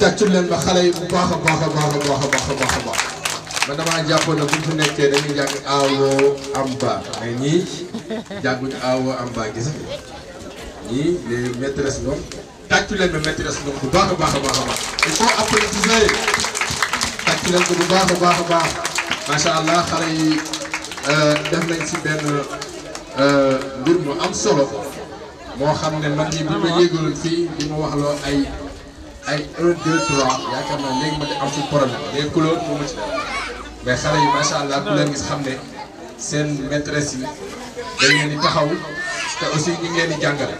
tàccul leen ba xale yi baax a baax a baax a baax a baax baax baax jàppoon ne bu fi nekkee dañuy jàng aawoo am ba mais ñii jànguñ aawoo bu baax a baax a baax a baax il a baax a baax macha allah am solo moo xam ne man yi ay 1 2 3 yaakaar naa léegi ma di am fu problème les couleurs moo ma ci dara mais xale yi macha allah ku leen gis xam ne seen maîtresse yi dañ leen di taxaw te aussi ñu ngi leen di jàngale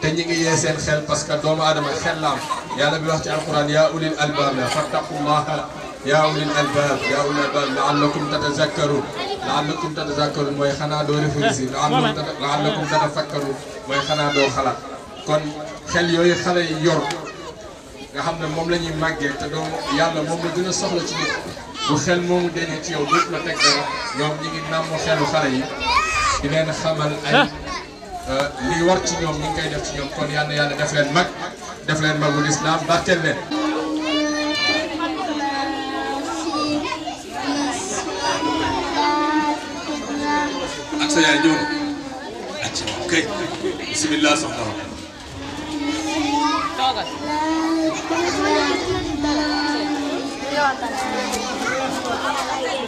te ñu ngi yee seen xel parce que doomu aadama xel la am yàlla bi wax ci alquran yaa ulil albab la fattaqullaha yaa ulil albab yaa ulil albab laallakum tatazakkarun laallakum tatazakkarun mooy xanaa doo réfléchir laallakum tatafakkarun mooy xanaa doo xalaat kon xel yooyu xale yi yor nga xam ne moom la ñuy màggee te doo yàlla moom la gën a soxla ci nit bu xel moomu dañuy ci yow dootu la teg dara ñoom ñi ngi nàmm xelu xale yi di leen xamal ay li war ci ñoom ñi ngi koy def ci ñoom kon yal na yàlla def leen mag def leen magul islam barkeel leen. ak sa yaay ñëw na. ak sa kay bisimilah soxna Todas. Levanta.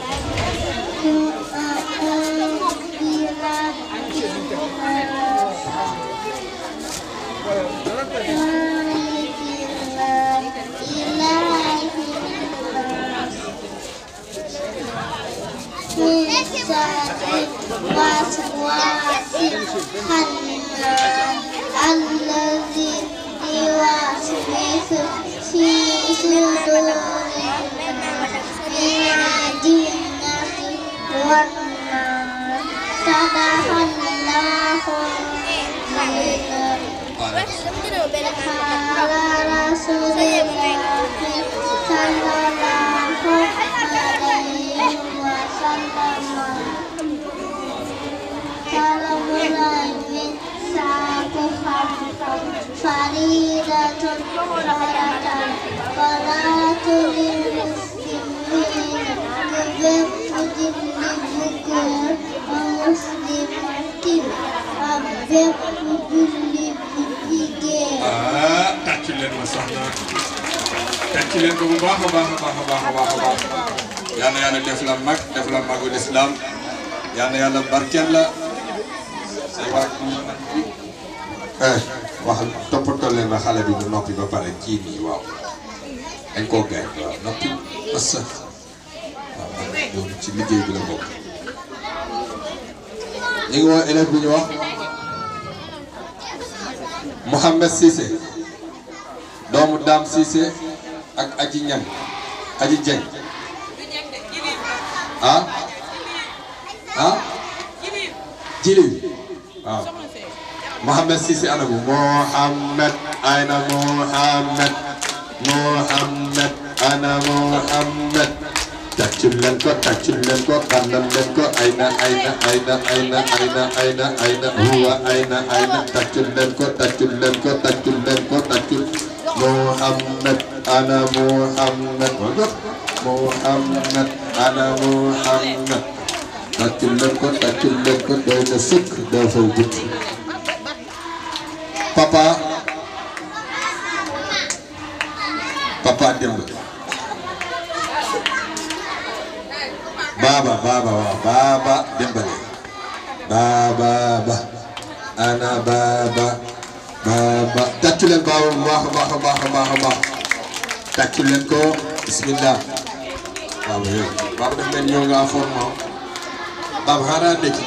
baax a na yàlla def la mag def la magu lislaam yal na yàlla barkeel la say waa eh, wax toppatoo leen ma xale bi du noppi ba pare kii nii waaw dañ koo gaañ waaw noppi ci liggéey bi la bokk ñu ngi woo élève bi ñu wax Mouhamed Cissé doomu Dame Cissé ak aji ñam aji jeng ah ha jili waaw mohammed sisi anabu mohammed ayna mohammed mohammed ana mohammed tàccul leen ko tàccul leen ko xànnal leen ko aina aina aina aina aina aina aina huwa aina ayna tàccul leen ko tàccul ko tàccul ko Muhammad, Muhammad ana Muhammad. أنا محمد Takillerko takillerko doyna sik da fawgut Papa Papa Demba Baba Baba Baba Demba Baba Baba Ana Baba ba tàccu leen baaba bu baax a baax a baax a baax tàccu leen ko bismillah baaba yow baaba daf leen ñëw nga en forme baaba ah. xanaa nekk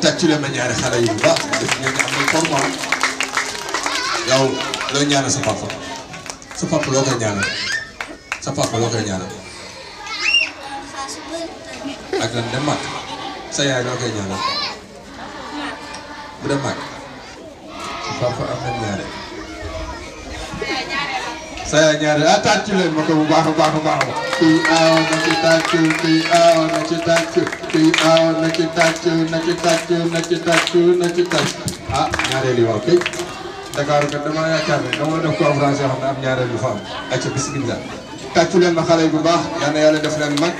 tàccule ma ñaari xale yu baax def ngeen ne am na ah. looy ñaanal sa papa sa papa loo koy ñaanal sa papa loo koy bu dem màkk sa papa am na ñaare sa yaay ñaare ah tàccu leen ma ko bu baax a baax a aaw na ci tàccu kii aaw na ci tàccu kuy na ci tàcc na na ci tàcc na ci tàcc ah ñaareelu waaw kay Dakar kat dama yaakaar ne dama leen ma xale bu baax yal na yàlla def leen mag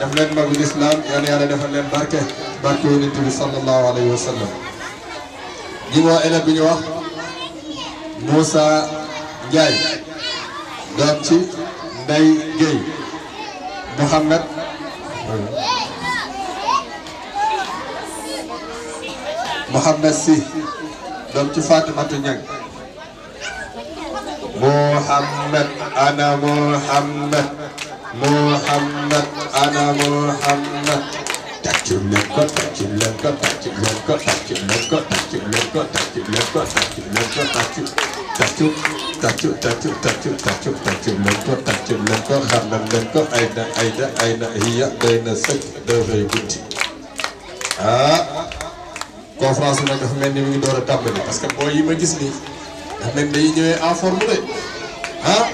def leen mag lislaam yal na yàlla defal leen barke barke yonent bi sallallahu alayhi wa sallam ñi woo élève bi ñu wax Moussa Ndiaye doom ci Ndeye Guèye Mouhamed Mohamed Sy doom ci Fatimatu Ñang Mohamed ana Mohamed Mohamed ana Mohamed tàccu leen ko tàccu leen ko tàccu leen ko tàccu leen ko tàccu leen ko tàccu leen ko tàccu leen ko tàccu tàccu tàccu tàccu tàccu tàccu tàccu leen ko tàccu leen ko xamal leen ko ay na ay na ay na hiya doy na sëkk dafay guddi ah conférence bi dafa mel ni mu ngi door a tàmbali parce que boo yi ma gis nii dafa mel ni dañuy ñëwee en forme de ah.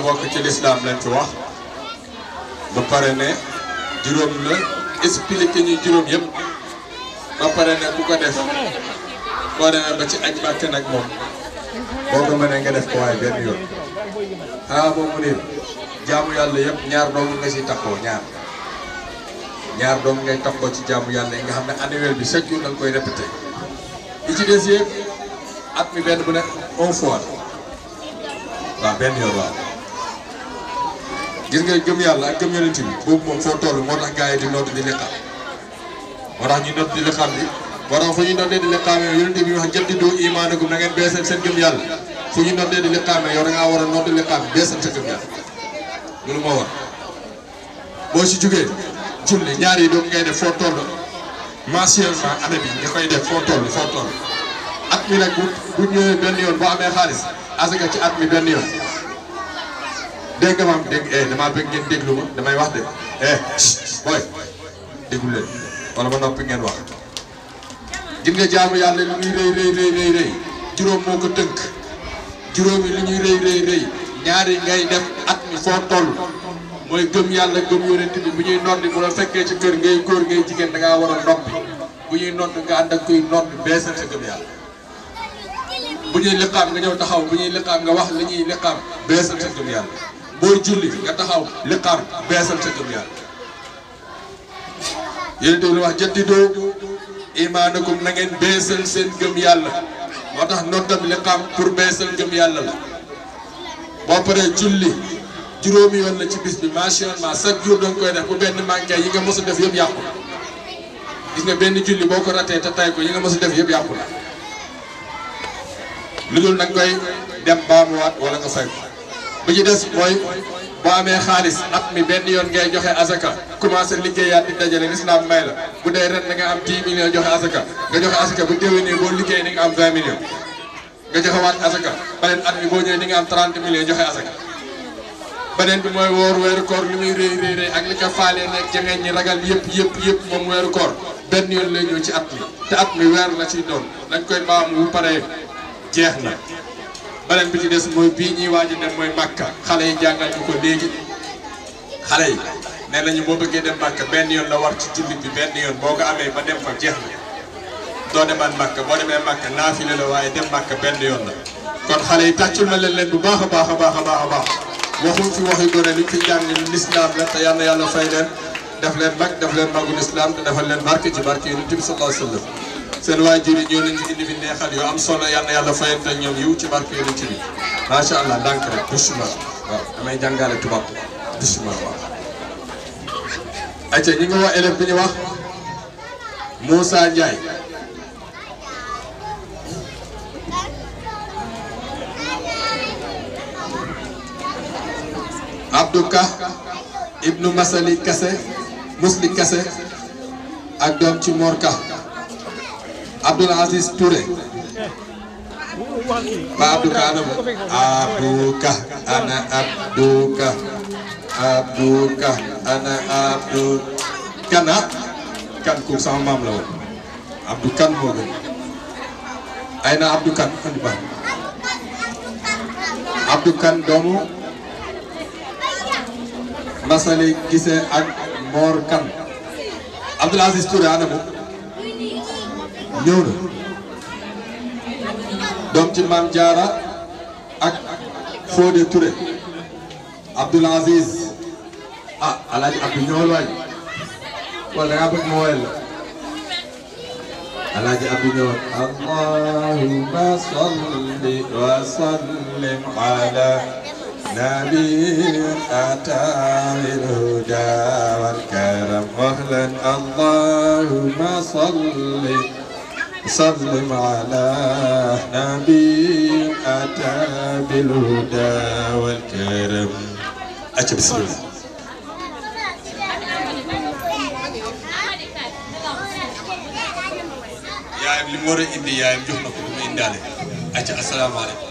mbokk ci lislaam lañ fi wax ba pare ne juróom la expliqué ñu juróom yëpp ba pare ne bu ko def boo ba ci aj màkk nag moom boo ko mënee nga def ko waaye benn yoon xanaa boobu ne jaamu yàlla yëpp ñaar doomu nga si taxoo ñaar ñaar doomu ngay taxoo ci jaamu yàlla yi nga xam ne annuel bi chaque jour da koy répété li ci des yëpp at mi benn bu ne un fois waaw benn yoon waaw gis nga gëm yàlla ak gëm yonent boobu moom foo toll moo tax gars yi di nodd di liqaam moo tax ñu nodd di liqaam bi moo tax fu ñu noddee di liqaamee yonent bi si jugee julli ñaar yi doog ngay def foo toll mensuellement année bi nga koy def foo toll foo toll at mi nag bu bu ñëwee benn yoon boo amee xaalis asaka ci at mi benn yoon dégg nga maam dégg eh damaa bëgg ngeen déglu ma damay wax de eh booy déglu leen wala noppi ngeen wax. gis nga jaamu yàlla li ñuy rëy rëy rëy juróom moo ko tënk juróomi li ñuy rëy rëy ñaari ngay def at mi foo toll mooy gëm yàlla gëm yonent mu bu ñuy noddi bu la fekkee ci kër ngay góor ngay jigéen da ngaa war a noppi bu ñuy nodd nga ànd ak kuy nodd beesal sa gëm yàlla. bu ñuy liqaam nga ñëw taxaw bu ñuy liqaam nga wax li ñuy liqaam beesal sa gëm yàlla. booy julli nga taxaw li xaar beesal sa gëm yàlla yéen tamit wax jaddidoo imaanakum na ngeen beesal seen gëm yàlla moo tax nottam li xaar pour beesal gëm yàlla la boo paree julli juróomi yoon la ci bis bi machinement chaque jour danga koy def bu benn manqué yi nga mos a def yëpp yàqu la gis nga benn julli boo ko ratee te tay ko yi nga mos a def yëpp yàqu la lu dul nag koy dem baamuwaat wala nga fay bi ci des mooy boo amee xaalis at mi benn yoon ngay joxe asaka commencé liggéeyaat di dajale lislaam may la bu dee ren na nga am 10 millions joxe asaka nga joxe asaka bu déwénee boo liggéey ni nga am 20 millions nga joxewaat asaka beneen at mi boo ñëwee ni nga am 30 millions joxe asaka beneen bi mooy woor weeru koor li muy réy réy réy ak li ko faalee nekk jangeen ñi ragal yëpp yëpp yëpp moom weeru koor benn yoon lay ñëw ci at yi te at mi weer la ci doon dañ koy baam bu paree jeex na beneen bi ci des mooy bii ñuy waaj a dem mooy Màkka xale yi jàngal ñu ko léegi xale yi nee nañu boo bëggee dem Màkka benn yoon la war ci jullit bi benn yoon boo ko amee ba dem fa jeex na doo demaat Màkka boo demee Màkka naafile la waaye dem Màkka benn yoon la kon xale yi tàccul na leen leen bu baax a baax a baax a baax a baax waxuñ fi waxi gone luñ fi jàng ñu lislaam la te yal na yàlla fay leen def leen mag def leen magu lislaam te defal leen barke ci barke yonent bi seen waa yi ñoo leen di indi neexal yu am solo yàlla fayante ak ñoom yiw ci barke yonent bi macha allah ndànk rek bisimilah waaw damay jàngale tubaab bisimilah waaw. ayca ñu ngi wax élève bi ñu wax Moussa Kase ak doom ci Mor Abdul Aziz Ture Pak Abdul Karim Abuka anak Abuka Abuka anak Abdul Kana kan ku sama mam lawan Abdul kan Aina Abdul kan kan ba Abdul kan domo Masale gise ak Mor kan Abdul Aziz Touré anamu ñëw na doom ci maam Diarra ak Fodé Touré Abdoul Aziz ah El Hadj Abdou ñëwal waay wala da ngaa bëgg ma woyal la El Hadj Abdou ñëwal. Allahumma salli wa sallim ala نبي أتى بالهدى والكرم وأهلا اللهم صلِّ سلم على نبي أتى بالهدى والكرم أتى بسم الله يا ابن مور إندي يا ابن جهنك إندي أتى السلام عليكم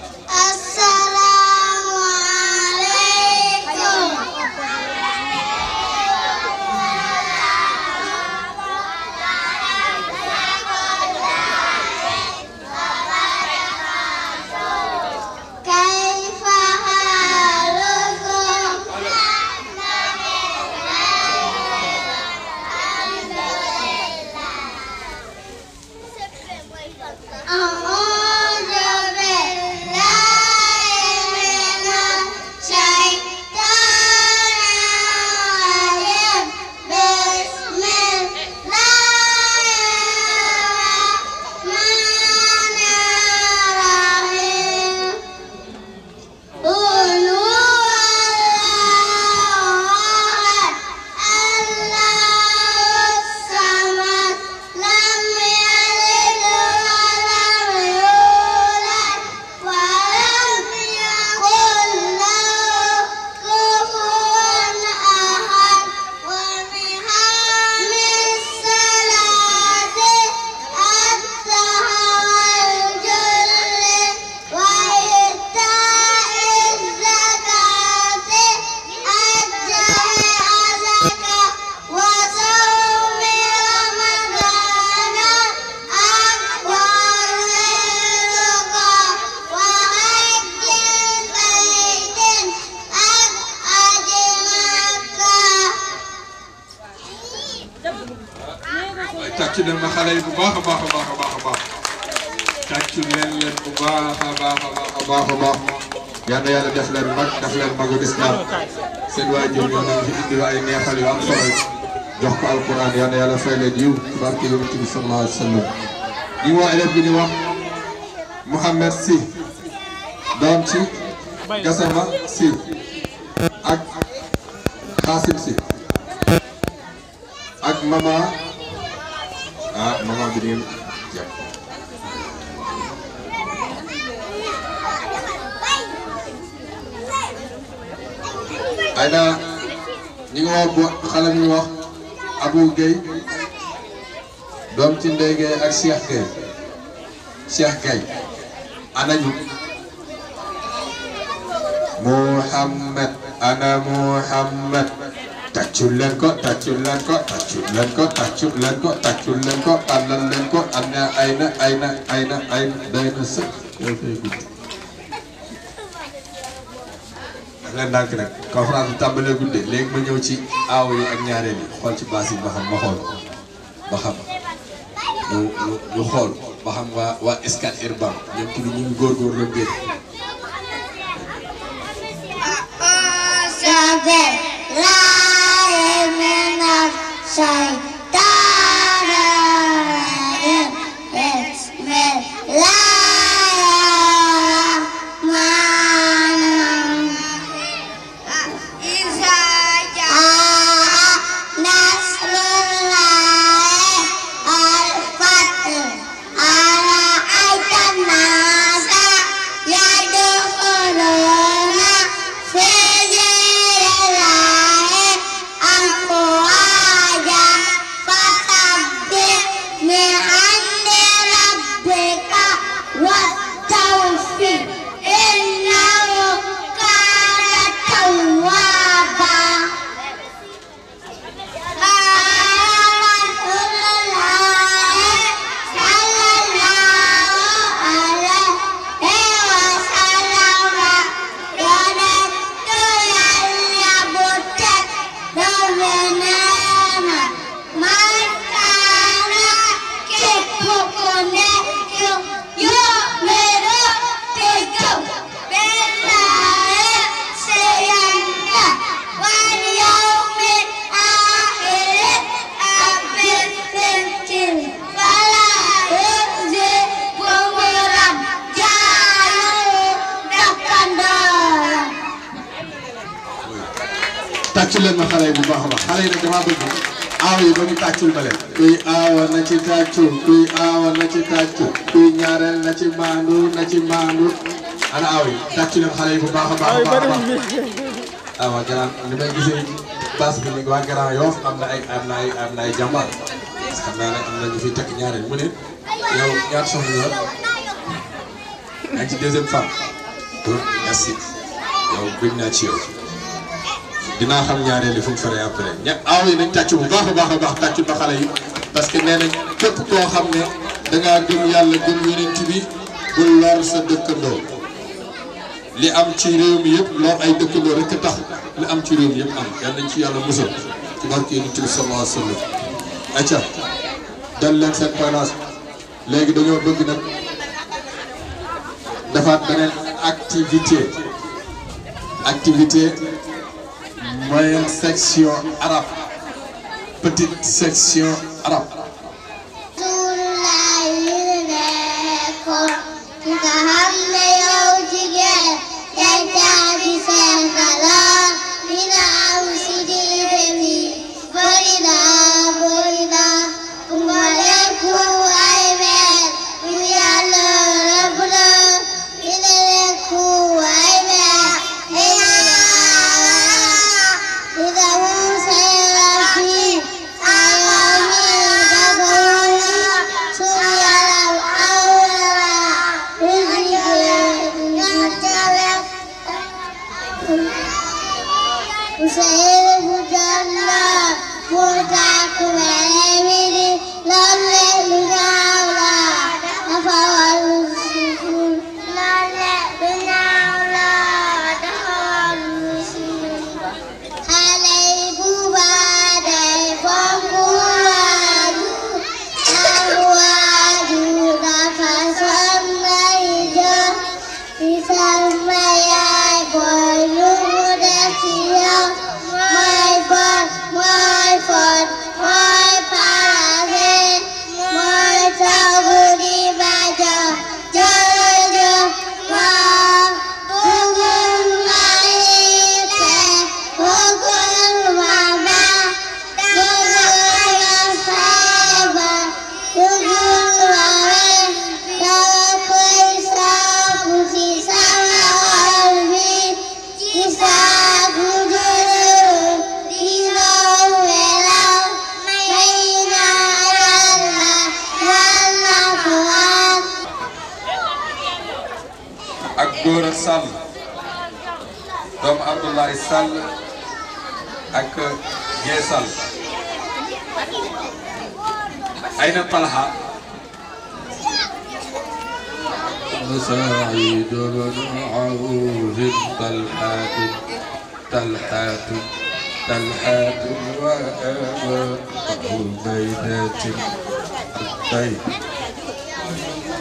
الله عليه وسلم لواء الابن لواء محمد سي دام سيف سي سيف أك قاسم سيف أك ماما أه ماما بريم أنا نيغو خلا نيغو أبو جاي doom ci Ndeye Gueye ak Cheikh Gueye Cheikh Gueye ana ñu Muhammad ana Muhammad tàccul leen ko tàccul leen ko tàccul leen ko tàccul leen ko tàccul leen ko àllal leen ko am na ay na ay na ay na ay na day na sëkk leen ndànk nag conférence bi tàmbalee gudde léegi ma ñëw ci aaw yi ak ñaareel yi xool ci baas yi ba xam ma xool ba xam ñu ñu ba xam wa wa escat urbain ñoom ñu tàcc leen ma xale yi bu baax a baax xale yi nag damaa bëgg aaw yi ba ñu tàccul ma leen. kuy aawa na ci tàccu kuy aawa na ci tàccu kuy ñaareel na ci maandu na ci maandu ana aaw yi tàcc leen xale yi bu baax a baax a baax ah waa Grand li may gisee bas bi waa Grand Yoff am na ay am na ay am na ay jàmbaar xam naa ne am na ñu fi takk ñaareel mu ne yow ñaar soxna nga yaa ngi ci deuxième femme. merci yow bëgg naa ci yow. dinaa xam ñaareel yi fu mu feree après ña aaw ah yi nañ tàcc bu baax a baax a baax tàcc ba xale yi parce que nee nañ képp koo xam ne dangaa gëm yàlla gëm yonent bi bul lor sa dëkkandoo li am ci réew mi yëpp lor ay dëkkandoo rek a tax li am ci réew mi yëpp am yal nañ ci yàlla musal ci barke yonent bi sallallahu alayhi wasallam acca dal leen seen parents léegi dañoo bëgg nag defaat beneen activité activité moyenne section arabe petite section arabe. tuuru naa 我。 네, 네, 지금, 네.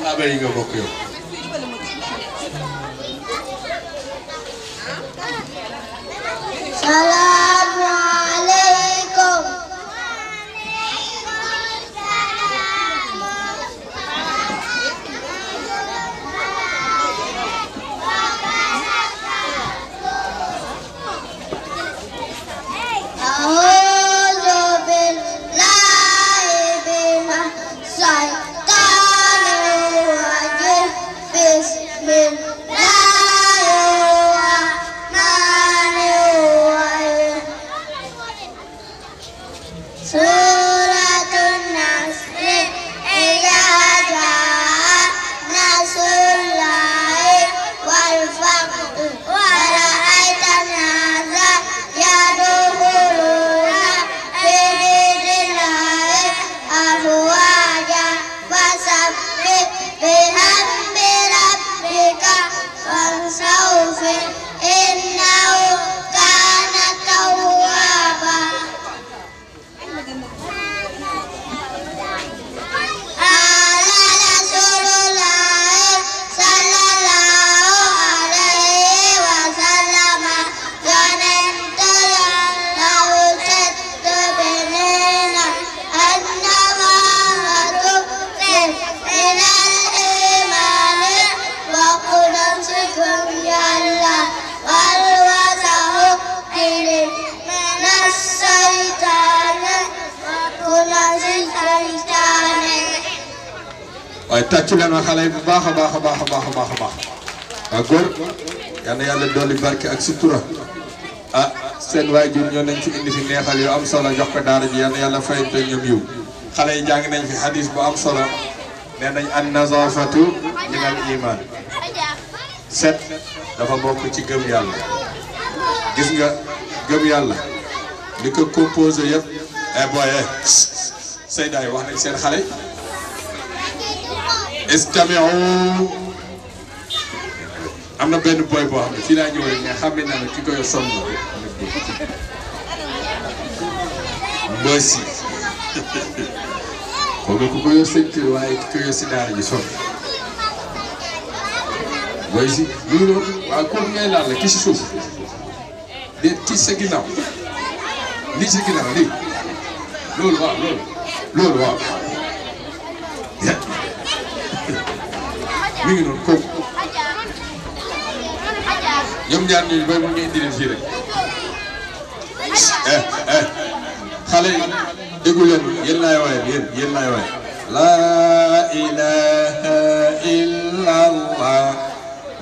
아베 이거 볼게요. tàcc leen ma xale yi bu baax a baax a baax baax baax a baax a baax waaw ah, góor yal na yàlla dolli barke ak sutura ah seen waajur ñoo nañ ci indi fi neexal yu am solo jox ko daara ji yal na yàlla fayante ñoom yiw xale yi jàng nañ fi hadis bu am solo nee nañ an nazafatu min al iman set dafa bokk ci gëm yàlla nga gëm yàlla li ko composé yëpp e eh, boye eh, wax nañ seen xale istami'u am na benn boy boo xam ne fii laa ñëw rek mais xam ne naa ki koy sonn mbësi xaw ma ku ko yor waaye ki ko si daara ji sonn mbësi lu ñu waaw kooku ngay laal la ki si suuf de ki sa ginnaaw li si ginnaaw lii loolu waaw loolu loolu waaw mi ngi noonu kooku ñoom ñaar ñooñu booy mu ngi indil fii rek eh eh xale yi déglu leen yéen laay waaye yéen yéen laay waaye laa ilaha illa allah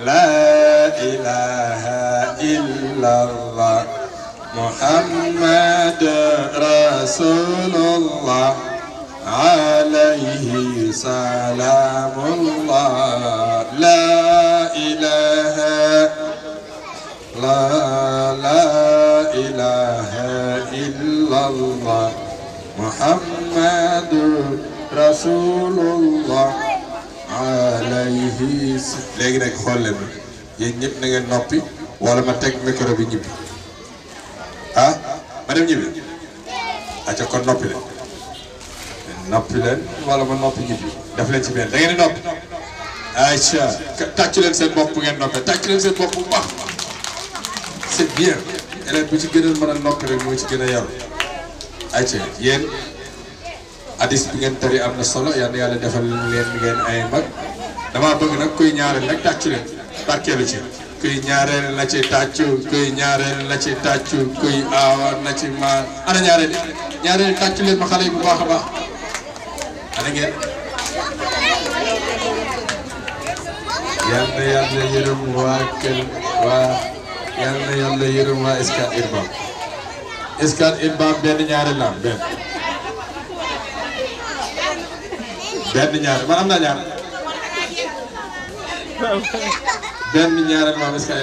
laa ilaha illa allah muhammad rasulullah عليه سلام الله لا إله لا لا إله إلا الله محمد رسول الله عليه léegi nag xool leen yéen ñëpp na ngeen noppi wala ma teg micro bi ñibbi ah ma dem ñibbi aca kon noppi leen noppi leen wala ma noppi ñibbi def leen ci benn da ngeen di noppi ayca tàcc leen seen bopp ngeen noppee tàcc leen seen bopp bu baax c'est bien élève bu ci gën a mën a noppi rek moo ci gën a yaru ayca yéen hadis bi ngeen tari am na solo yal yàlla defal leen ngeen ay mag damaa bëgg nag kuy ñaareel nag tàcc leen barkeelu ci kuy ñaareel na ci tàccu kuy ñaareel na ci maan ana ñaareel ñaareel tàcc leen ma xale yi bu baax a baax Hadi gel. Yalla yalla yürüm va kel va yalla yalla yürüm va iskan irbam. Iskan irbam benn ñaari lam benn. benn ñaari man am naa ñaar. benn ñaareel maam iskan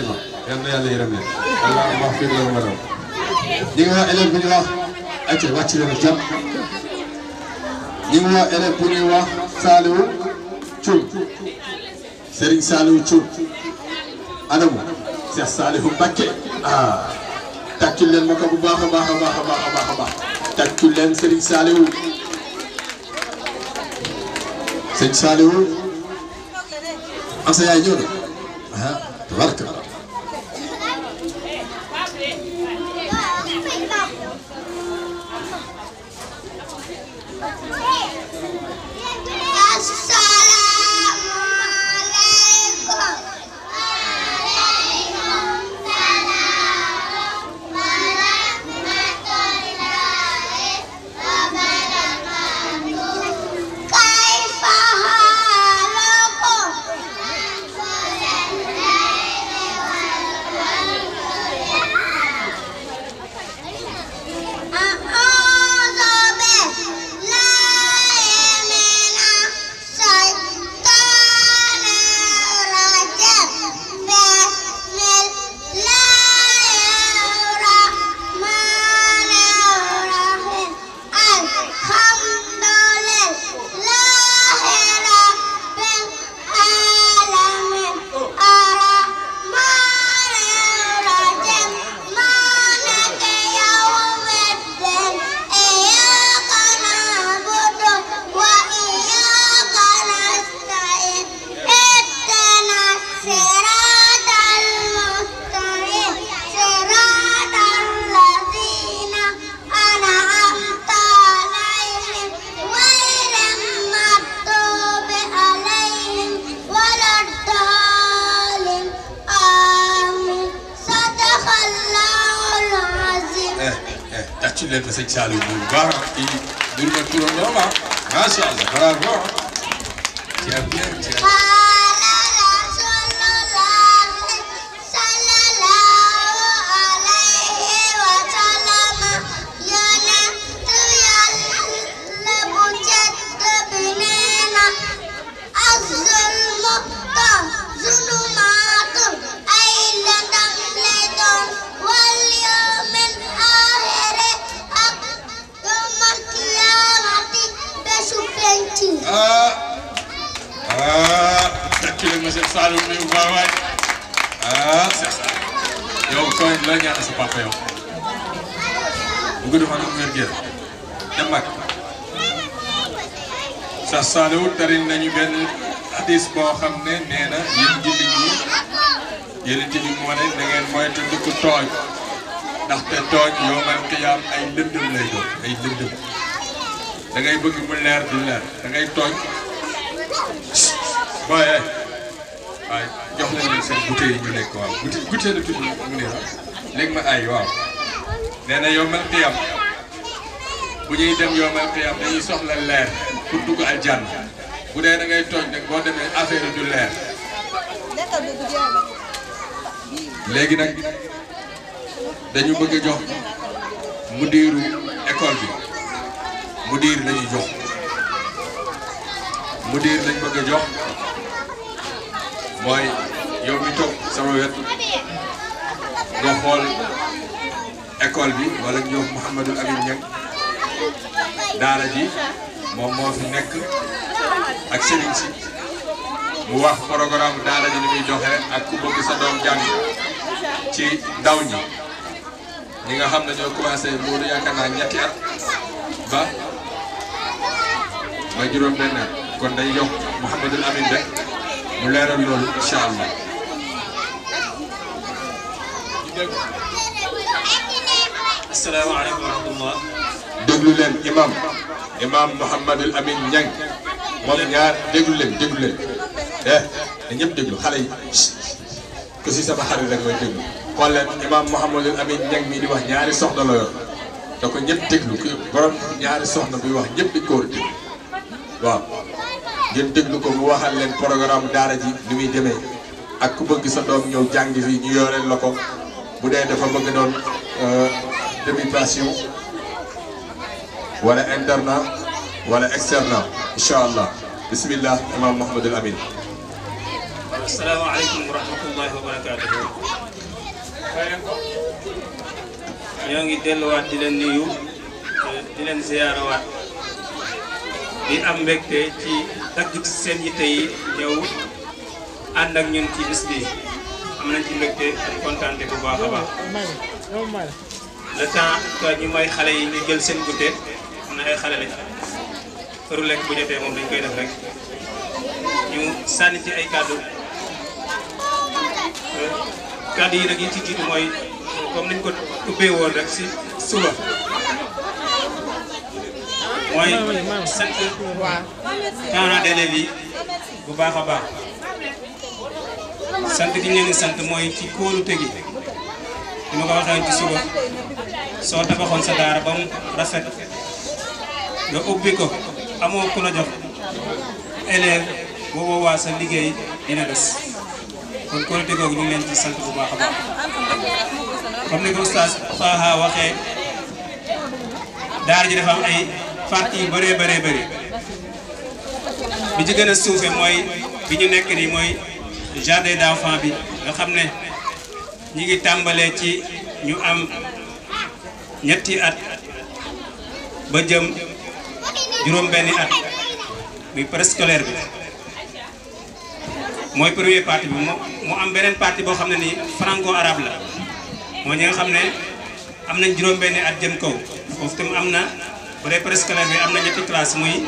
yalla yalla yërëm leen. allahumma ighfir lahum warham. ñi nga wax élève bi ñu ngi woo élève bu ñuy wax Saliou Thioub Serigne Saliou Thioub anamu Cheikh Saliou Mbacké ah tàccul leen ma bu baax a baax a baax a baax leen Serigne Saliou sëñ Saliou Asa yaay ñëw na ah leen sëñ Saliou bu baax kii dul ma turam doom ah macha allah bravo. nañu benn hadis boo xam ne nee na yéen jullit ñi yonent bi bëgg mu leer du leer da ngay tooñ waaye waaye jox leen seen bouteille yi ñu lekk waaw bouteille ay ah. waaw bu ñuy dem yawmal qiyaam dañuy soxla leer pour dugg aljanna bu dee da ngay tooñ nag boo demee affaire du leer léegi nag dañu bëgg a jox mu diiru école bi mu diir lañu jox mu diir lañ bëgg a jox mooy yow mi toog sama wet nga xool école bi walla ñu jox Mouhamadou Amine Niang daara ji moom moo nekk ak sëriñ si mu wax programme daara ji ni muy doxee ak ku bëgg sa doom jàng ci ndaw ñi nga xam ne ñoo commencé loolu yaakaar naa ñetti at ba ba juróom benn kon day yokk Mouhamadul Amin rek mu leeral loolu incha allah. asalaamaaleykum wa rahmatullah déglu leen imam imam Mouhamadul Amin Niang moom ñaar déglu leen déglu leen eh, ñëpp déglu xale yi ku si sama xarit rek mooy déglu xool leen imam Mouhamadul Amin Niang mii di wax ñaari soxna la yor da ko ñëpp déglu ku ñaari soxla buy wax ñëpp di déglu ko mu waxal leen programme daara ji ni muy demee ak ku bëgg sa doom ñëw jàngi fii ñu yoreel la bu dee dafa bëgg doon euh, demi passion wala interne wala externe incha allah bismillah imam Mouhamadul Amin. asalaamaaleykum wa rahmatullahi wa ngi delluwaat di leen nuyu di leen ziyaarawaat di am mbégte ci dagg seen yitte yi ñëw ànd ak ñun ci bis bi am nañ ci mbégte ak kontaante bu baax a baax. le temps que ñu mooy xale yi ñu jël seen goûter. xam xale lañ heure lekk bu jotee moom dañ koy def rek ñu sànni ci ay kàddu eh, kàddu yi nag yi ci jiitu mooy comme niñ ko ubbee woon rek si suba mooy sant parents bu baax a baax sant gi mooy ci kóolute gi li sa daara ba mu rafet nga ubbi ko amoo ku la jox élève bu boobaa sa liggéey dina des kon qualité googu ñu ngi leen ci sant bu baax a baax comme ni ko oustaz Faha waxee daara ji dafa ay parti yu bëree bëree bëri bi ci gën a suufe mooy bi ñu nekk nii mooy jardin d'enfant bi nga xam ne ñu ngi tàmbalee ci ñu am ñetti at ba jëm juróom-benni at muy bi mooy premier parti bi mu am beneen parti boo xam ne nii franco arabe la moo ñi nga xam ne am nañ juróom-benni at jëm kaw foofu tam am na bu dee préscolaire bi am na ñetti classe muy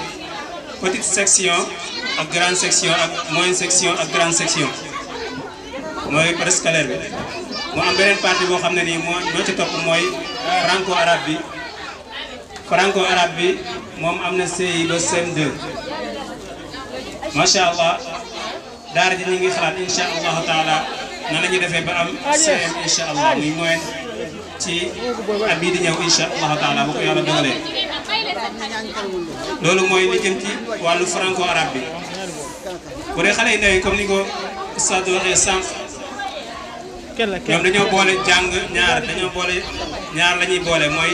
petite section ak grande section ak moyenne section ak grand section mooy préscolaire bi mu am beneen parti boo xam ne nii moo ñoo ci topp mooy franco arabe bi. franco arabe bi moom am na CI ba CM2 macha allah daara ji ñu ngi xalaat incha allahu taala nan la ñuy defee ba am CM incha allah muy moyen ci at bii di ñëw incha allahu taala bu ko yàlla dogalee. loolu mooy li jëm ci wàllu franco arabe bi bu dee xale yi ndaw yi comme ni ko Sadio waxee sànq. ñoom dañoo boole jàng ñaar dañoo boole ñaar la ñuy boole mooy.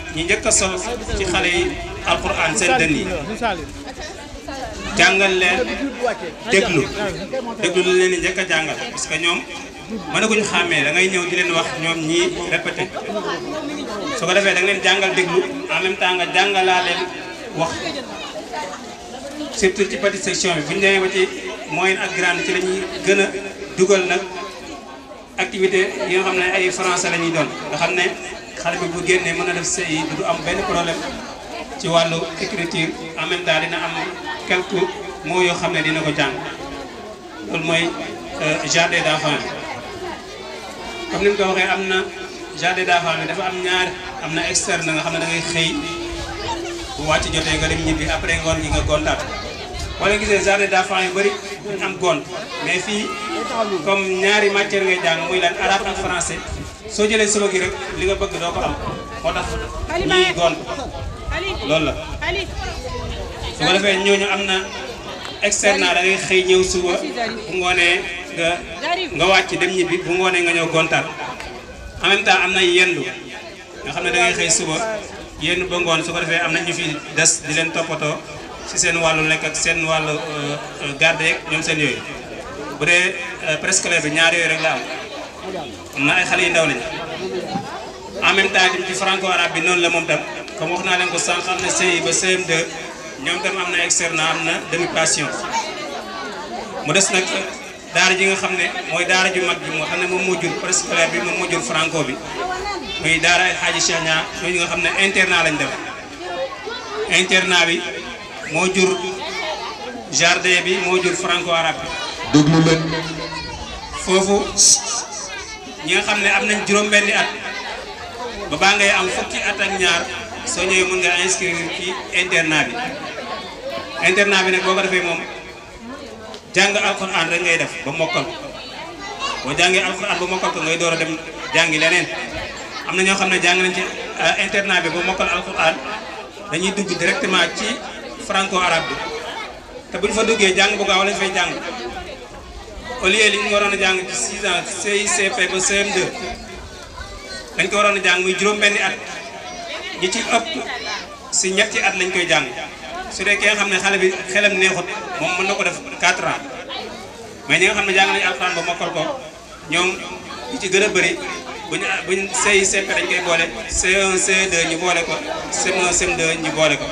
ñi njëkk a sol ci xale yi alquran seen dënn yi jàngal leen déglu déglu la leen di njëkk a jàngal parce que ñoom mën na ko ñu xàmmee da ñëw di leen wax ñoom ñii répété soo ko defee da nga leen jàngal déglu en même temps nga jàngalaa leen wax surtout ci petite section bi bu ñu demee ba ci moyenne ak grande ci la ñuy gën a dugal nag activité yi xam ne ay français la ñuy doon nga xam ne xale bi bu génnee mën a def sëy yi du am benn problème ci wàllu écriture en même temps dina am quelques mots yoo xam ne dina ko jàng loolu mooy jardin d'enfant bi ni mu ko waxee am na jardin d'enfant bi dafa am ñaar am na externe nga xam ne danga ngay xëy bu wàcc jotee nga dem ñibbi après ngoon gi nga gontaat wala gisee jardin d'enfant yu bëri dañ am gont mais fii comme ñaari matier ngay jàng muy lan arabe ak français so jëlé sama gi rek li nga bëgg doo ko am moo tax ñii gont loolu la su ko defé ñooñu amna na da ngay xey ñew suwa bu ngone nga nga wacc dem ñibi bu ngone nga ñëw gontaat en même temps amna yendu nga xam da ngay xey suwa yendu ba ngone su ko defé amna ñu fi dess di len toppatoo ci seen walu nek ak seen walu euh, euh, garder ak ñom seen yoy bu dee euh, préscolaire bi ñaar yoy rek la am am na ay xale yu ndaw lañ en même temps ci franco arabe bi noonu la moom tam comme wax naa leen ko sànq am na CI ba CM2 ñoom tam am na externat am na demi passion mu des nag euh, daara ji nga xam ne mooy daara ju mag bi moo moom moo jur préscolaire bi moom moo jur franco bi muy daara El Hadji Cheikh Niang ñooñu nga xam ne internat lañ def internat bi moo jur jardin bi moo jur franco arabe bi. déglu leen. foofu. ñi nga xamné am nañ juroom benn at ba ba ngay am fukki at ak ñaar so ñëw mën nga inscrire ci internat bi internat bi nak boko defé mom jang alquran rek ngay def ba mokal bo jangé alquran ba mokal ko ngay doora dem jangi leneen am na ñoo xam ne nañ ci euh, internat bi ba mokal alquran dañuy dugg directement ci franco arab bi té buñ fa duggé jang bu gaaw lañ fay jang au lieu li ñu waroon a jàng ci 6 ans CICP ba CM2 dañ ko waroon a jàng muy juróom-benni at ñi ci ëpp si ñetti at lañ koy jàng su dee ki nga xam ne xale bi xelam neexut moom mën na ko def 4 ans mais ñi nga xam ne jàng nañu alxuraan ba mokkal ko ñoom ñi ci gën a bëri buñu buñ CICP dañ koy boole C1 C2 ñu boole ko CM1 ñu boole ko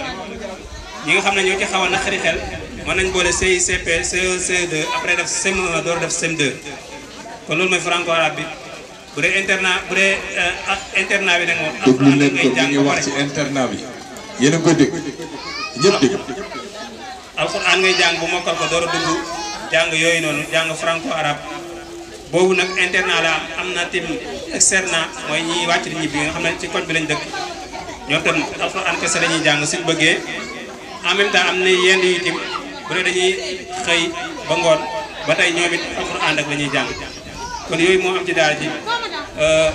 ñi nga xam ne ñoo ci xaw na naqari xel. mën nañ boole CICP CE CE2 après def CM1 door def CM2 kon loolu mooy franco bi bu dee internat bu dee euh, internat bi nag moom. déglu leen ko mi ngi wax ci internat a ngi koy dégg ñëpp dégg. alxuraan yooyu noonu jàng franco arabe boobu nag internat la am na tim externat mooy ñiy wàcc di ñibbi nga xam ne ci koñ bi lañ dëkk ñoom tam alxuraan jàng si bëggee en même temps am na yenn yu tim bu dañuy xëy ba ngoon ba tey ñoom it alxuraan rek la jàng kon yooyu moo am ci daara ji euh,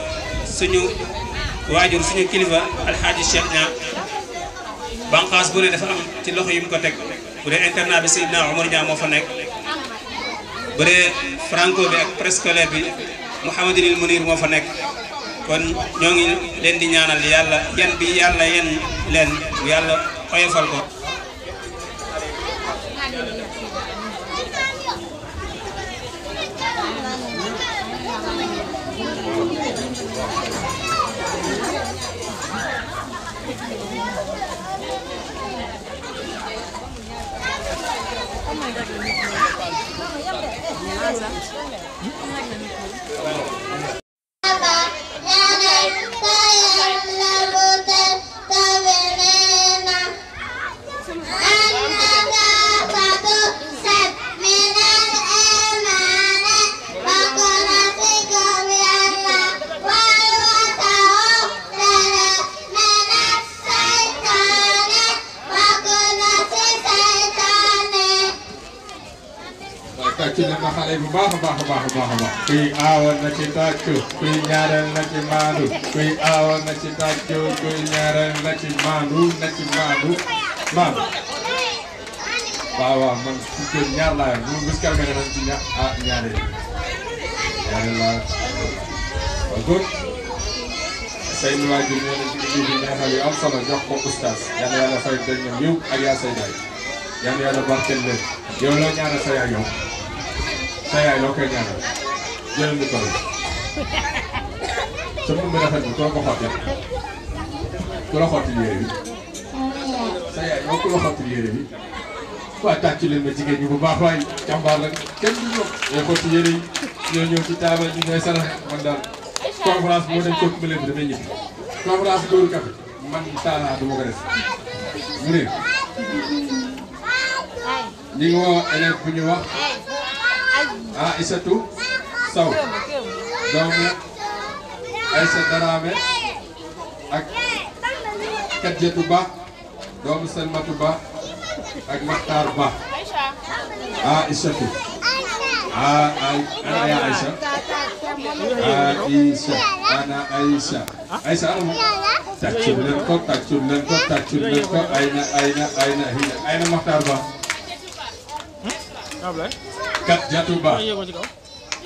suñu waajur suñu kilifa alxaaji Cheikh ñaa banqaas bu ne dafa am ci loxo yu mu ko teg bu dee internat bi Seydina Omar Niang moo fa nekk bu dee franco bi ak préscolaire bi Mouhamadinil Mounir moo fa nekk kon ñoo leen di ñaanal yàlla yan bi yàlla yan leen yàlla oyofal ko Bye-bye. ci tàccu kuy ñaareel na ci maandu kuy aawa na ci tàccu kuy ñaareel na ci maandu na ci maandu maandu waaw waaw man fukki ñaar laa yor bu Pascal Mbengue dafa ci ña ah ñaareel ñaareel laa waaw góor say nu waajur ñoo ne ci liggéey bi neexal yu am solo jox ko oustaz yal na yàlla fay dañ ñoom yow ak yaa say daay yal na yàlla barkeel leen yow loo ñaanal sa yaay yow sa yaay loo koy ñaanal jangan bukan sama merasa itu kalau kau hati kalau dia ini saya mau kalau dia ini ku attaque leen ma jigéen ñi bu baax waay jàmbaar la kenn du ñoom boo ko ci yére yi ñoo ñëw ci taabal ñu ngay sarax man daal ah Sow doomu Aïssa Darame ak Kadjetu Ba doomu Selmatu Ba ak Makhtar Ba ah Aïssatou ah ana yaa Aïssa ah Aïssa ana Aïssa Aïssa ana moom tàccul leen ko tàccul leen ko tàccul leen ko ayna ayna ayna Ba hmm? ah, Kadjetu Ba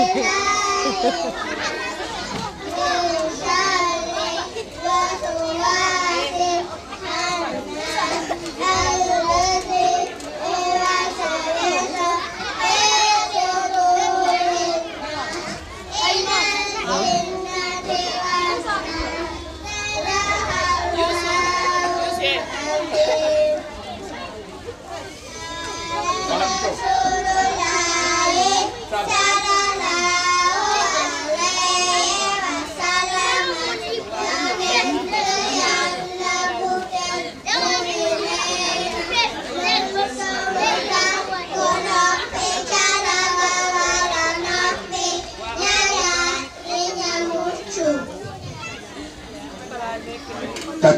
Sí.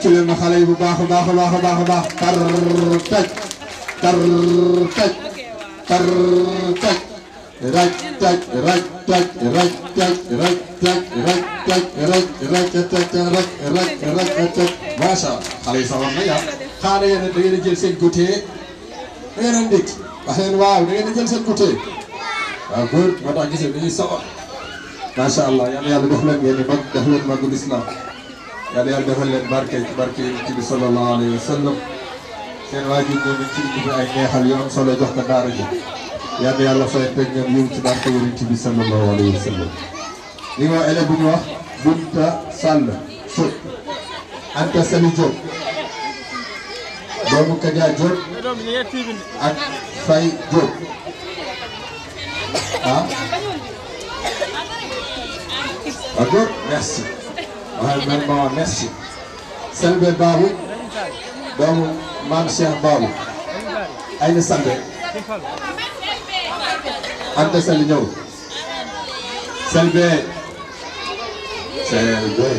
tàcc leen ma xale yi bu baax a baax a baax a baax a baax tar taj tar taj tar taj raj taj raj taj raj taj raj taj raj taj raj raj taj raj raj raj taj macha allah xale yi saxoon na yaa xaana yéen da ngeen a jël seen goûter da ngeen a ndik wax leen waaw da ngeen a jël seen goûter waaw góor moo tax gis dañuy saxoon macha allah yàlla yàlla def leen ngeen mag def leen magu lislaam yàlla yàlla defal leen barke ci barke ci bi sallallahu alayhi wa sallam seen waajur ñooñu ci indi ay neexal yu am solo jox ko daara ji yàlla yàlla fay teg ngeen yëngu ci barke yonent bi sallallahu alayhi wa sallam. li nga wax élève bu ñu wax Bunta Sall Sow Anta Sali Diop doomu Kadia Diop ak Faye Diop ah. ah d'accord merci. waaye vraiment merci Selbé Babou doomu maam ay na sant Anta Sall ñëw Selbé Selbé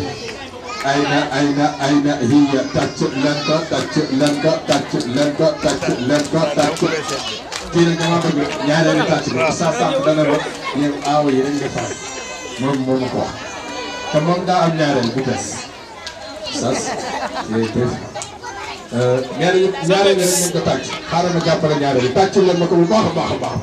ay na ay na ay na hiya tàcc leen ko tàcc leen ko tàcc leen ko tàcc leen ko ba yéen aaw yi dañ ko moom moo ma ko te moom daa am ñaareel bu bees sas yooyu def ñaareel ñaareel nga rek ñu ko tàcc xaaral ma jàppale ñaareel yi tàcc leen ma ko bu baax a baax a baax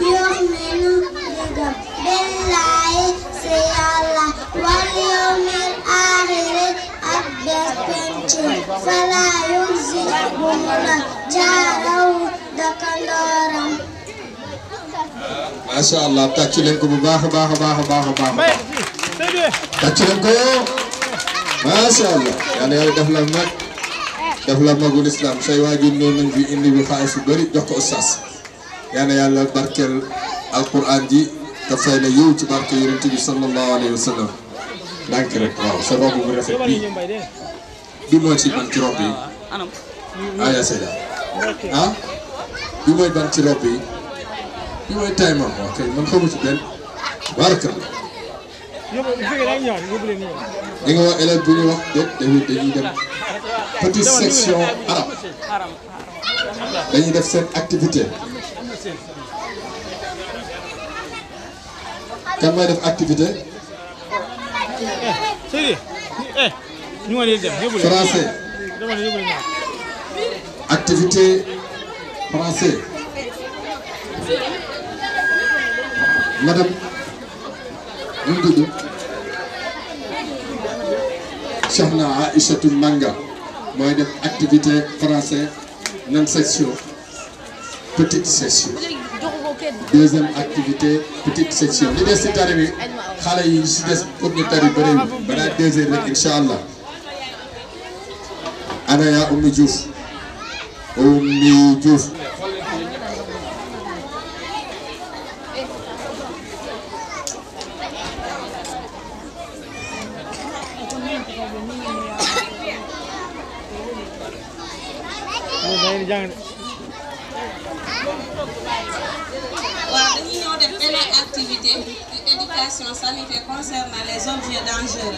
yu'minu ñu gëm billaahi si yàlla wal yawmil aaxiri ak bés penc falaa yuzibuhum jaaraw dëkkandooram macha allah tàcc leen ko bu baax a baax a baax a baax a baax tàcc leen ko macha allah yàlla yàlla def la mag def la magul islam say waajur noonu nañ fi jox ko ustaas yal na yàlla barkeel alquran ji te fay na ci barke yonent bi sallallahu alayhi wa sallam ndànk rek waaw sa robe bu rafet bi bi mooy ci ban ci robe bi aya seda ah? bi mooy ban ci robe bi bi mooy tay moom waaw kay man xamu ci benn barkal li nga wax élève bi ñuy wax déet dañuy dañuy dem section arabe dañuy def seen activité kan mooy def activité. Eh, français. activité français. madame. nu mu tudd. Soxna Aïssatou Manga mooy def activité français nan section petite section. deuxième activité petite section li des si tari bi xale yi si des pour ñu tari bëri balaa deux heures rek incha ana ya Oumy Diouf Oumy Diouf jangan question sanitaire concernant les objets dangereux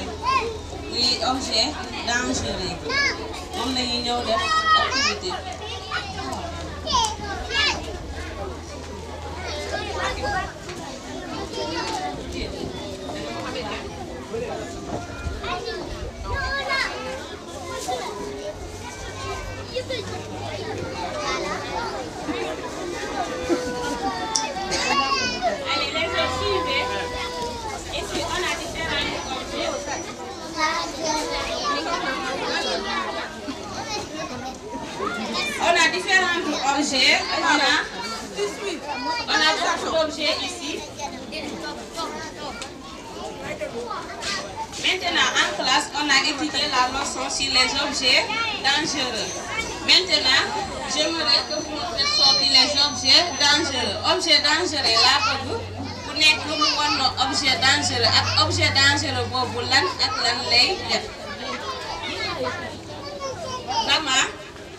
oui objets dangereux On a, on a ici. Maintenant, en classe, on a étudié la leçon sur les objets dangereux. Maintenant, j'aimerais que vous nous faites les objets dangereux. Objets dangereux, là, pour vous. Vous lu mu objet dangereux objet dangereux vous lan lan les.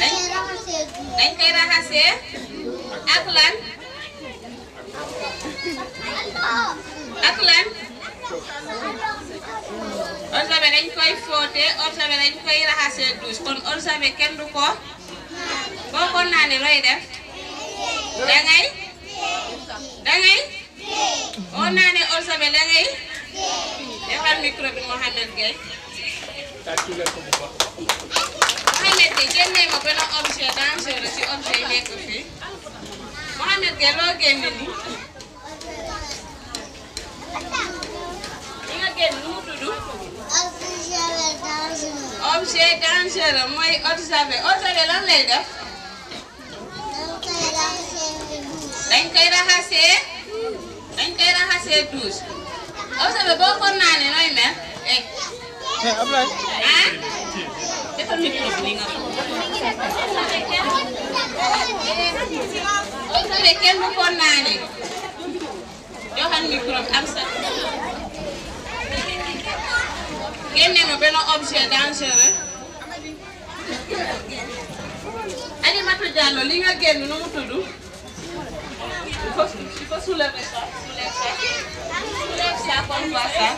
dañ koy raxasee ak lan ak dañ koy fóote eau dañ koy raxasee douche kon eau kenn du ko boo ko naanee looy def dangay dangay boo naanee eau de javel dangay defal micro bi Mouhamed Gueye yi génnee ma benn objet dangereux ci objet yi nekk fii Mohamed Gueye loo génne nii li nga génn nu mu mooy observé observé lan lay def. dañ koy raxasee dañ koy raxasee douche observé boo ko ah Ablaye. ah. kenn du ko naanee. joxal micro am sa. génne ma benn objet dangereux. Alimatou Diallo li nga Il faut soulever ça. Soulève ça. ça ça.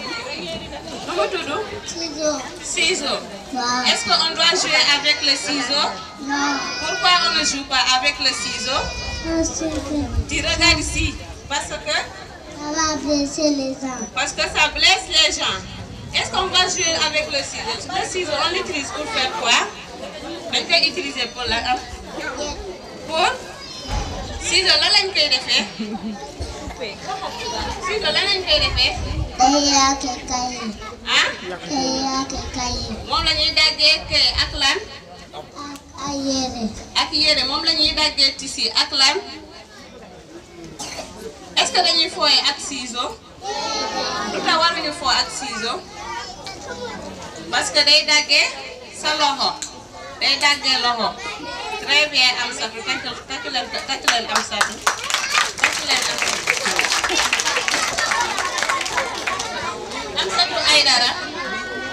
Comment tu Ciseaux. Ciseaux. Est-ce qu'on doit jouer avec le ciseau Non. Pourquoi on ne joue pas avec le ciseau que... Tu regardes ici. Parce que Ça va blesser les gens. Parce que ça blesse les gens. Est-ce qu'on va jouer avec le ciseau Le ciseau, on l'utilise pour faire quoi Mais tu l'utiliser pour la... Pour ciseau lan lañ koy defee. ciseau lan lañ koy defee. day yaake kay. ah. day yaake kay. moom la ñuy daggee ak lan. ak ay yére. ak yére moom la ñuy daggee ak lan. est-ce que dañuy fooye ak ciseau. lu que day daggee sa loxo. day daggee loxo. très bien am satu tàccu tàccu leen tàccu leen am ay dara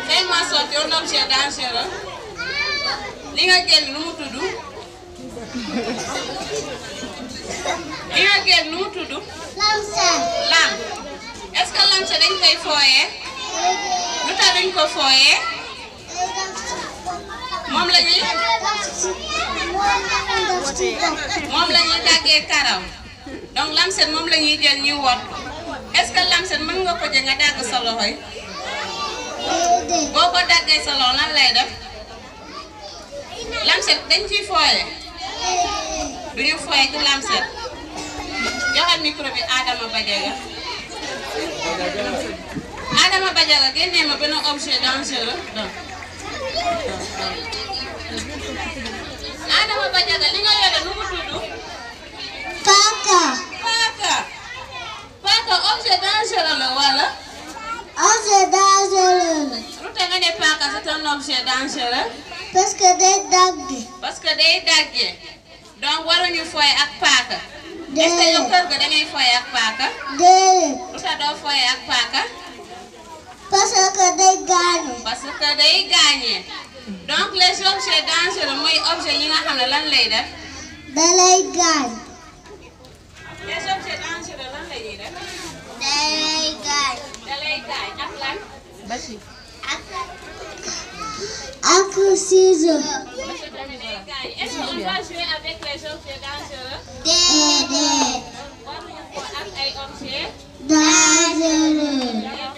tellement sotti yow ndox c'est dangereux ah. li nga génn nu mu tudd li nga génn nu mu tudd. lam est-ce que lamsa dañ koy fooyee. lu tax moom la ñuy moom lañuy ñuy daggee karaw donc lamset moom la jël ñuy wot est-ce que lamset mën nga ko jël nga dagg sa loxo yi boo ko daggee sa loxo lan lay def lamset dañ ciy fooye du ñu fooye ci lamset joxal micro bi Adama Badiaga Adama Badiaga génnee ma benn objet dangereux Adama Badiaga li nga yore nu mu paaka. paaka. paaka objet dangereux la wala. objet dangereux la. lu nga ne paaka c'est un objet dangereux. parce que day dagge. parce que day dagge donc waruñu fooy ak paaka. fooy ak paaka. déedéet. lu tax doo fooy ak paaka. parce que day gaañe. parce que day gaañee donc les objets dangereux mooy objet yi nga xam ne lan lay def. da lay gaañ. les objets dangereux lan la ñuy def. da lay gaañ. da lay gaañ ak lan. basi. ak ak ciseau. parce que tamit day gaañ est-ce qu'on va jouer avec les objets dangereux. déedéet. war nañu ko ak ay objets. dangereux.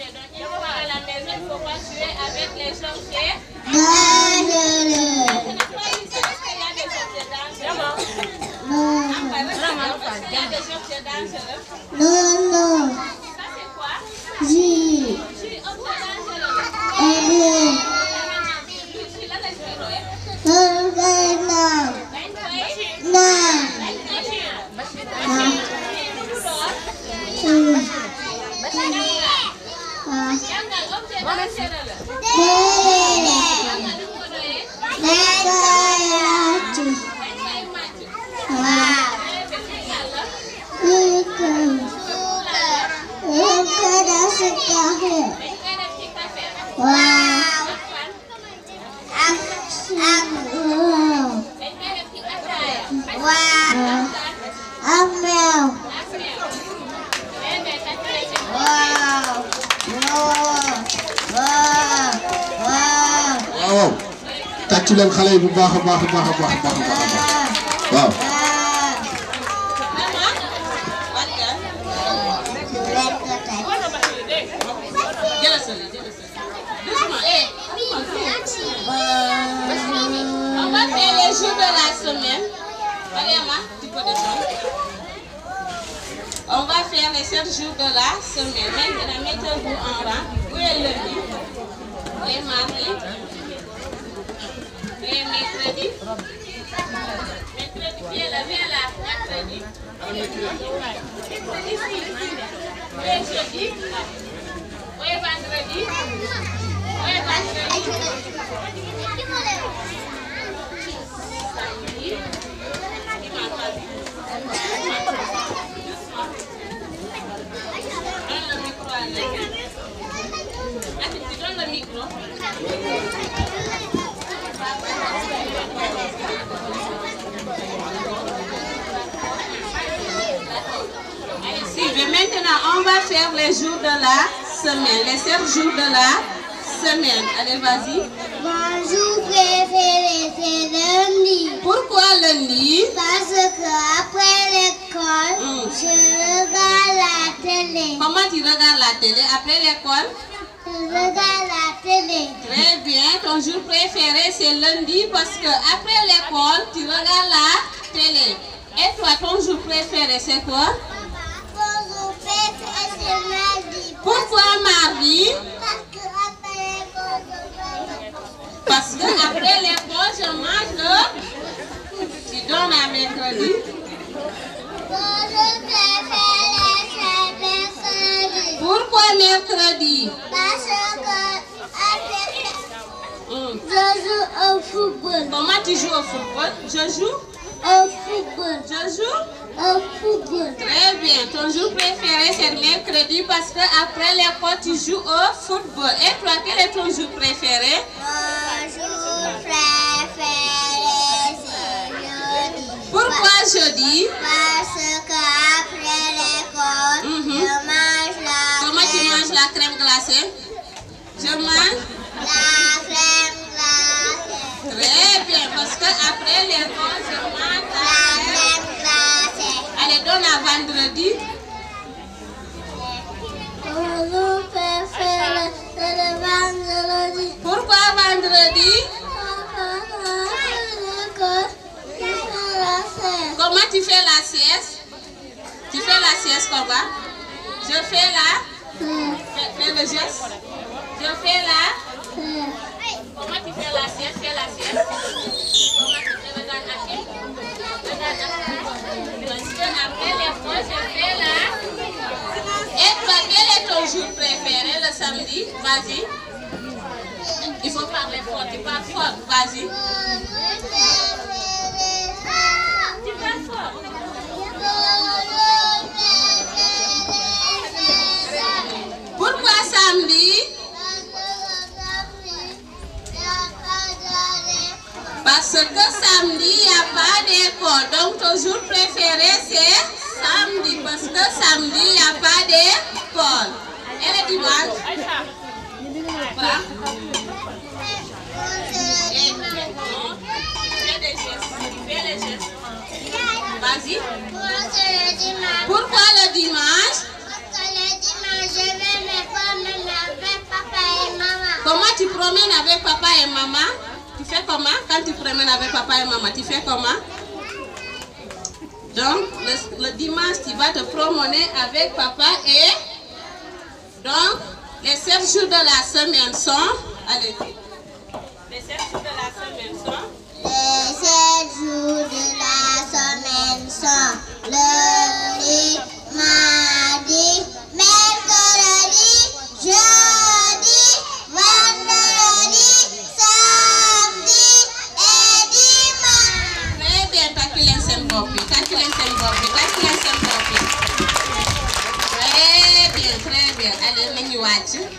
Mama. Maintenant on va faire les jours de la semaine, les sept jours de la semaine. Allez, vas-y c'est Pourquoi lundi Parce qu'après l'école, hmm. je regarde la télé. Comment tu regardes la télé après l'école Je regarde la télé. Très bien. Ton jour préféré, c'est lundi parce que après l'école, tu regardes la télé. Et toi, ton jour préféré, c'est quoi Ton jour préféré, c'est mardi. Pourquoi mardi Parce que l'école, je regarde parce que après l'école, je mange le. Tu donnes à mercredi. Pourquoi mercredi Parce que après. Euh, hum. je joue au football. Comment tu joues au football Je joue au football. Je joue au football. Très bien. Ton jour préféré, c'est le mercredi parce que après l'école, tu joues au football. Et toi, quel est ton jour préféré? Mon jour préféré, jeudi. Pourquoi jeudi? Parce qu'après l'école, mhm. je mange la Comment tu manges la crème glacée? Je mange la crème glacée. Très bien, parce qu'après l'école, je mange la crème elle donne à vendredi. vendredi. Pourquoi vendredi? Comment tu fais la sieste? Tu fais la sieste comment? Je fais la. Fais, le geste. Je fais la. Comment tu fais la sieste? Fais la sieste. ton jour préféré, le samedi, vas-y. Il faut parler fort, tu parles fort, vas-y. Tu parles fort. Pourquoi samedi Parce que samedi, il n'y a pas d'école. Donc, ton jour préféré, c'est samedi. Parce que samedi, il n'y a pas d'école. Elle est Et le dimanche des Vas-y. Pourquoi le dimanche Parce que le dimanche, je vais me promener avec papa et maman. Comment tu promènes avec papa et maman Tu fais comment Quand tu promènes avec papa et maman, tu fais comment donc, le, dimanche, tu vas te promener avec papa et... Donc, les sept jours de la semaine sont... allez Les sept jours de la semaine sont... Les sept jours de la semaine sont... Lundi, mardi, mercredi, jeudi. yoon you nañu wàcc